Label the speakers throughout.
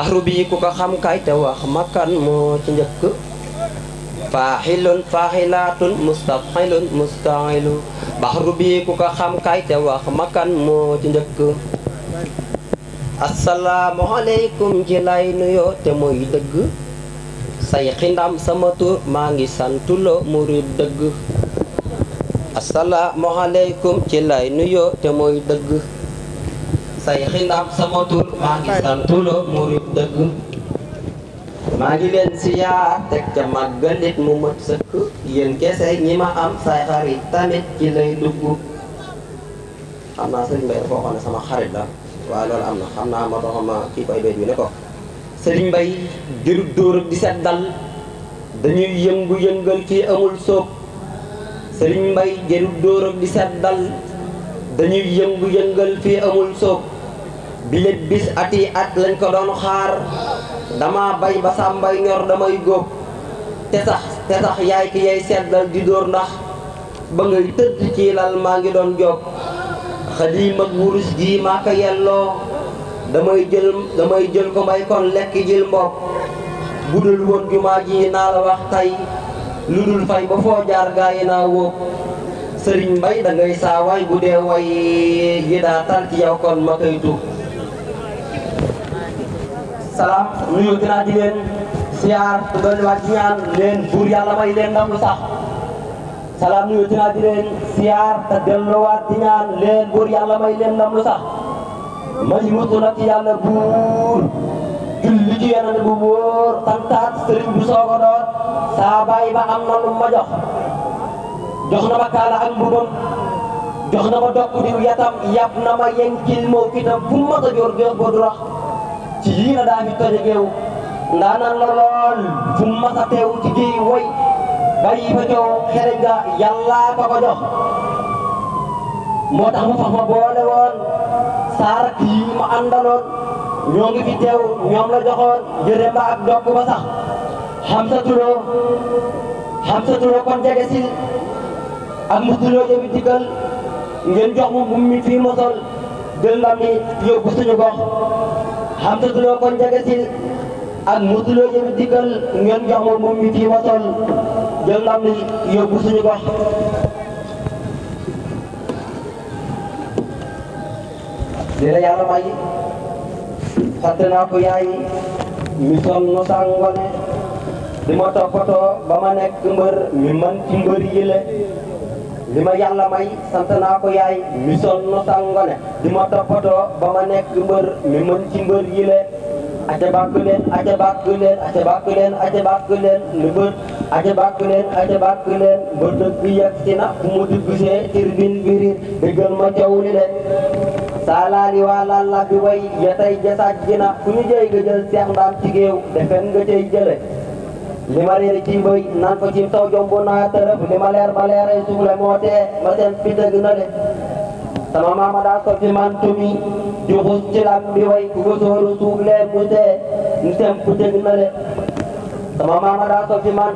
Speaker 1: baxru bi ku ko xam kay te wax makkan moo ci njëkk faaxilun faaxilaatun wax makkan moo ci njëkk lay nuyoo te mooy dëgg say xindam sama tur maa ngi santulo murid dëgg assalaamu aleykum maa ngi leen siyaar teg ca màggal nit mu mët sëkk yéen kese ñi ma am say xarit tamit ci lay dugg xam naa sëriñ Mbay dafa waxoon sama xarit la waaye loolu am na xam naa ma doxam ma kii koy béy bi ne ko sëriñ Mbay diru dóor di set dal dañuy yëngu-yëngal kii amul sóob sëriñ Mbay diru dóor di set dal dañuy yëngu-yëngal fii amul sóob bilet bis at yi at lañ ko doon xaar dama bay ba sàmbay ñor damay góob te sax te sax yaay ki yay seddal di dóor ndax ba ngay tëdd ci lal maa ngi doon job xadiim ak wurus gii maa ko yelloo damay jël damay jël ko may kon lekk jil mbokk bu dul woon jumaa ji naa la wax tey lu dul fay ba foo jaar gaa yi naa wóob sëriñ mbay da ngay saawaay bu dee way daa tar ci kon ma koy tuub salaam nuyu dinaa di leen siyaar doon waa leen buur yàlla may leen ndam sax salaam nuyu dinaa siyaar te delluwaat leen buur yàlla may leen ndam lu sax may mutu nag yàlla buur julli ci yeneen bu wóor santaat sëriñ bu sooga ba am na lu ma jox jox na ma kaala ak mbubam jox na ma dokk diw yatam yab na ma yenkil moo fitam fu ma ko joor ci yii la daa ngi toj geew ndaanaan lool fu mu mas a teew ci géej woy bàyyi fa coow xereñ ga jox moo tax mu fax ma boole woon saarak yi ma ñoo ngi fi teew ñoom la joxoon jërë mba ak dokk ba sa tuloo xam sa tuloo kon jege sil ak mu tuloo jëmi digal ngeen jox mu bu mi fii mosol jël ndam mi yóbbu Hamza Lo ko njëkk si ak Modou Lo jëm dikkal ngeen jox moom mi fii ma toll jël ndam li yóbbu suñu gox. lii la yàlla may sant naa ko yaay mi sonn nu sàngone di ma toppatoo ba ma nekk mbër mi man yi la. li ma yàlla may sant naa ko yaay mi sonn sàngone di ma toppatoo ba ma nekk mbër mi mën ci mbër yi le aca bàkk leen aca bàkk leen aca bàkk leen aca bàkk leen lu bët aca bàkk leen aca bàkk leen mbër dëgg yegg si na fu mu dugg see tirbin birir dëggal ma jaw li le saalaali waa laal la way ya tey jasaaj ji na fu ñu jëy nga jël seex ci géew defen nga cay jële li ma réer jimboy nan ko cim taw jomb naa tërëf li ma leer ma moo tee ma seen sama maama daa ko fi man bi way ku ko sóoru suuf lee mu tee mu sama maama daa ko fi man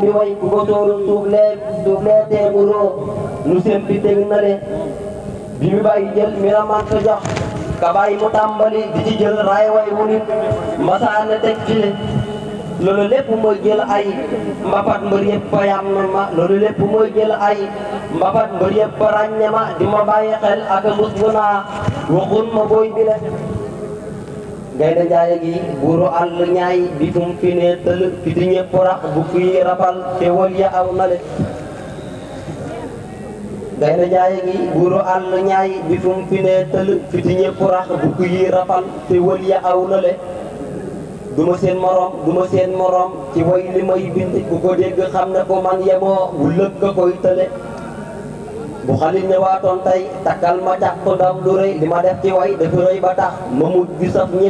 Speaker 1: bi way ku ko sóoru suuf lee suuf nu seen fi bi mi bàyyi jël mi la man ko jox mu tàmbali di ci raay way wu nit masaana teg file loolu lépp mooy jël ay mbapat mbër yëpp ba yam ma loolu lépp mooy jël ay mbapat mbër yëpp ba ràññe ma di ma bàyyi xel ak mus bu naa waxun ma booy bi gaynde njaay gi buuru àll ñaay bi tum fi ne tël fi di ñëpp rax rapal te wal ya aw na le gaynde njaay gi buuru àll ñaay bi tum fi ne tël fi di ñëpp rax rapal te wal ya aw na le du ma seen morom du ma seen morom ci woy li may bind ku ko dégg xam ne ko man yemoo wu lëg koy tële bu xalit ne waatoon tey takkal ma càq dam du rëy li ma def ci way dafa rëy ba tax ma mujj saf ñi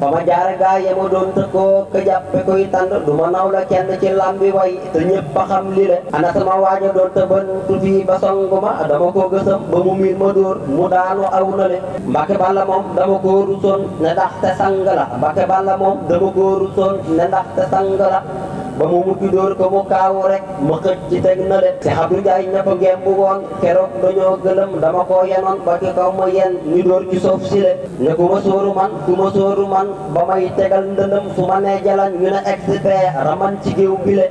Speaker 1: fa ma jaar gaa yema doon tëkkoo ka jàppe koy tànd du ma naw la kenn ci lambi way te ñëpp a xam li le ana sama waaja doon tëban tuuti ba song ma dama ko gësam ba mu miin ma dóor mu daanu aw na le mbake balla moom dama ko rusoon ne ndax te sang la mbake balla moom dama ko rusoon ne ndax te sang la ba mu mujj dóor ko mu kaawu rek ma xëj ci teg na de te Abdou Ndiaye ña ko gemb woon keroog dañoo gëlëm dama koo yenoon ba ki kaw ma yen ñu dóor ci si de ne ku ma sóoru man ku ma sóoru man ba may tegal ndëndëm su ma nee jalan ñu ne expert raman ci géew bi le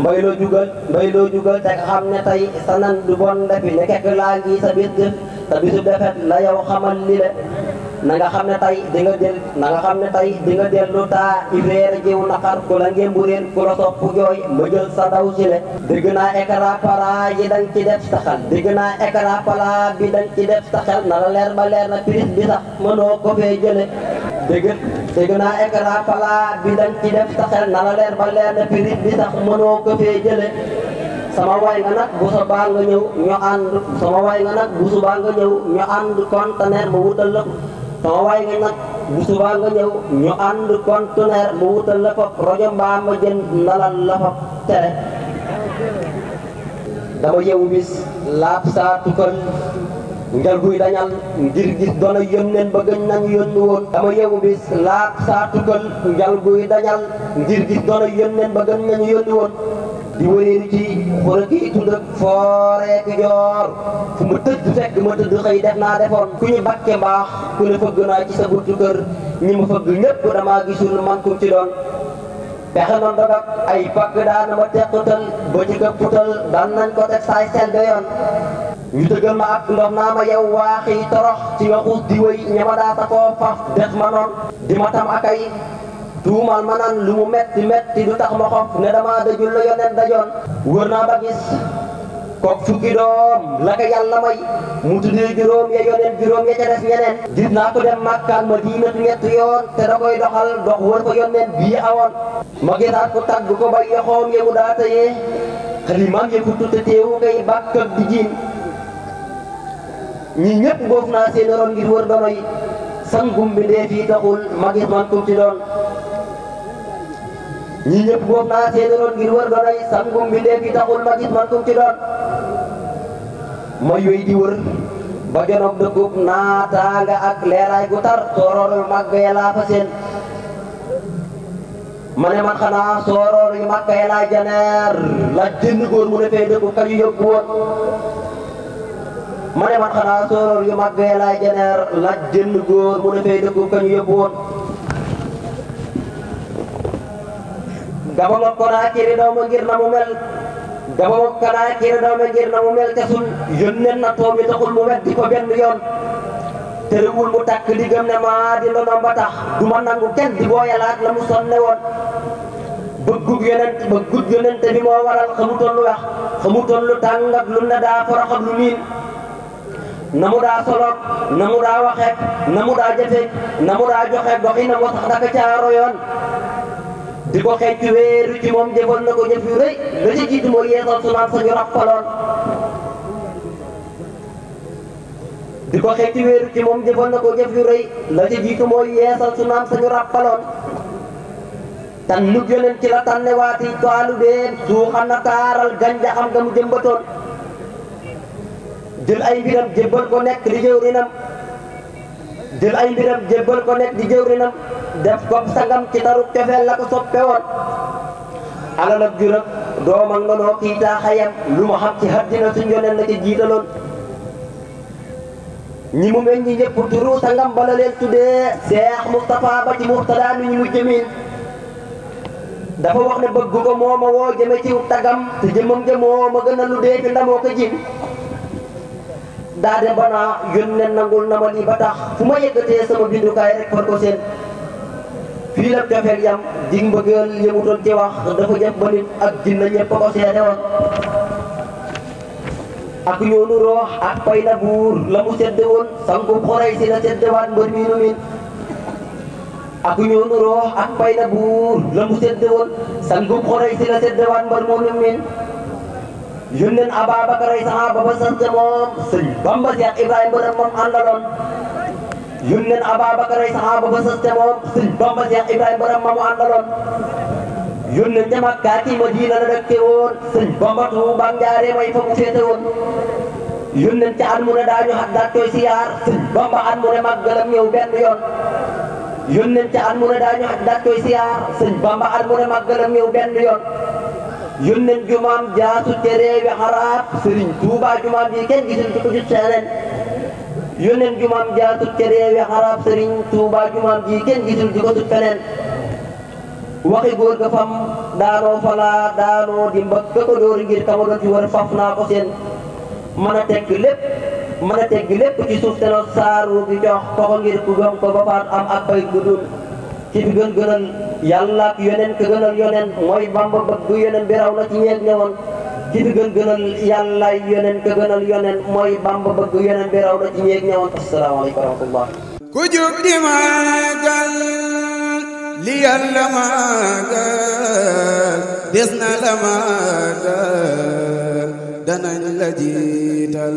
Speaker 1: mbay loo jugal mbay loo jugal te xam ne tey sa nan du bon defi ne kekk laa ngi sa biir gëf sa bisub defet la yow xamal li le na xam ne tey di nga jël na nga xam ne tey di nga dellu taa ibeer jiw naqar ku la ngémbu réen ku la sopp jooy ma sa daw si le dégg naa écra para yi dañ ci def sa xel dégg naa écra para bi dañ ci def sa xel na la leer ba leer na prise bi sax mënoo ko fee jële dégg dégg naa écra bi dañ ci def sa xel na la leer ba leer na prise bi sax mënoo ko fee jële sama waay nga nag bu subaa nga ñëw ñu ànd sama waay nga nag bu subaa nga ñëw ñu ànd contenaire ma wutal la sama waay ne nag bu subaa ñu ànd conteneur mu wuta la fop rojo mbaa ma jën nalal la fop tere dama yeewu bis laab saa tukkal njal guy dañal ngir gis doona yónneen ba gën nañ yónni woon dama yeewu bis laab saa tukkal njal guy dañal ngir gis doona ba gën nañ yónni woon di wéeru ci war a kii tudd ak foore ki joor fu ma tëdd fekk ma tëdd xëy def naa defoon ku ñu bakke mbaax ku ne fëgg naa ci sa buntu kër ñi ma fëgg ñëpp damaa gisul man ci doon pexe noon dogak ay pàkk daan na ma tequtal ba ci këpputal daan nañ ko teg saay seen doyoon ñu tëggal ma ak ndox naa ma yow waaxi torox ci nga di wéy ñama daa sa koo def ma noon di ma tam akay tuumal ma naan lu mu metti metti du tax ma xof ne dama dajul la yonent dajoon wër naa ba gis fukki doom la ko yàlla mu tuddee juróom ya yoneen juróom ya ca des gis naa ko dem màkkaan ma diinatu ñett yoon te da doxal dox wër ko yoneen bii awoon ma gisaat ko tagg ko ba yoxoom ya mu daata yee ya futtu te teewu koy bàkk ak di jiin ñi ñëpp boof naa seen ngir wër dono yi sangum bi taxul ma gis man kum ci doon ñi ñëpp moom naa seede loon ngir wër goroy sangum bi léegi taxul ma gis man ci doon mooy wéy di wër ba jonog dëggub naataanga ak leeraay gu tar sooroorul mag bee fa seen ma ne man xanaa sooroor yu mag bee laa janeer la góor mu defee dëggu ka ñu yóbbu woon ma ne man xanaa sooroor yu mag bee laa janeer la góor mu defee dëggu ka ñu yóbbu woon gabam ak Konaakiri doomu ngir na mu mel gabam ak Konaakiri doomu ngir na mu mel te suñ na toom yi taxul mu weddi ko benn yoon tërëwul mu takk di gëm ne maa di ndonoom ba tax du ma nangu kenn di booyalaat la mu sonne woon bëggug yonent bëggug yonent bi moo waral xamutoon lu wax xamutoon lu tàng lu ne daa forox lu niin na mu daa soloog na mu daa waxeeg na mu daa jëfeeg na mu daa joxeeg doxi na moo tax daka caaro yoon di ko xeec ci wéeru ci moom jëfoon na ko jëf rëy la ci jiitu mooy yeesal sunaam sa ñu rappaloon di ko xeec ci ci moom jëfoon na ko jëf yu rëy la ci jiitu mooy yeesal sunaam sa ñu rappaloon tan nu yoneen ci la tànnewaati toilu been suuxan na taaral ganja xam nga mu jël ay mbiram jébbal ko nekk di jëwrinam jël ay mbiram jébbal ko nekk di jëwrinam def comme sagam ci cofeel la ko soppe woon alal ak juróom doomam nga noo kii taaxayam lu mu xam ci àddina suñ yoneen la ci jiitaloon ñi mu meñ ñi turu sangam bala leen Seex Mustapha ba ci Muxtada mi ñu mujj miin dafa wax ne bëgg ko moo ma woo jëme ci tagam te jëmam jëmoo ma gën a lu dee ci ndamoo ko jin daa de banaa yónnee nangul na ma lii ba tax fu ma yëggatee sama bindukaay rek ko seen fii la cofeel yam jig mbëggeel yëmutoon ci wax dafa jëf ba nit ak jinne ko seede woon ak yoonu ak pay na buur la mu sedde woon sangub xorey si la sedde waat mbër miinu min ak yoonu roox ak pay na buur la mu sedde woon sangub xorey si moonu min yónneen Ababakar ay saxaaba ba sant moom sëñ Bamba Seex Ibrahima ba moom àndaloon yun nen Ababakar ay saxaaba ba sas ca moom sëñ Bamba Cheikh Ibrahima borom ma mu àndaloon yun ca Makkaati Madina la dëkke woon sëñ Bamba Tuuba Njaare may fa mu féete woon yun ca an mu ne daañu xat daat koy siyaar sëñ Bamba an mu ne màggalam ñëw benn yoon yun ca an mu ne daañu xat daat siyaar sëñ Bamba an mu ne màggalam ñëw benn yoon yun nen jaasu ca réewi xaraab sëriñ Tuuba jumaam gisuñ ci ko jut yónneen jumaam jaatut ca réewi arab sëriñ Tuubaa jumaam ji kenn gisul ji ko tut feneen waxi góor ga fam daanoo falaa daanoo dimba ka ko ngir kama doon ci war naa ko seen mën a tekk lépp mën a tegg lépp ci suuf te noonu saaru gi jox ko ko ngir ku gëm ko ba am ak pay ci fi gën gënal yàlla ak yoneen ka gënal yoneen mooy bamba bëgg yoneen bi raw na ci ñeent ñëwoon ki fi gën gënal yàlla yoneen ka gënal yoneen mooy bamba bëgg yoneen bi raw na ci ñeeg ñëwant asalaamaaleykum wa rahmatullah ku jóg di màggal li yàlla màggal des na la màggal danañ la jiital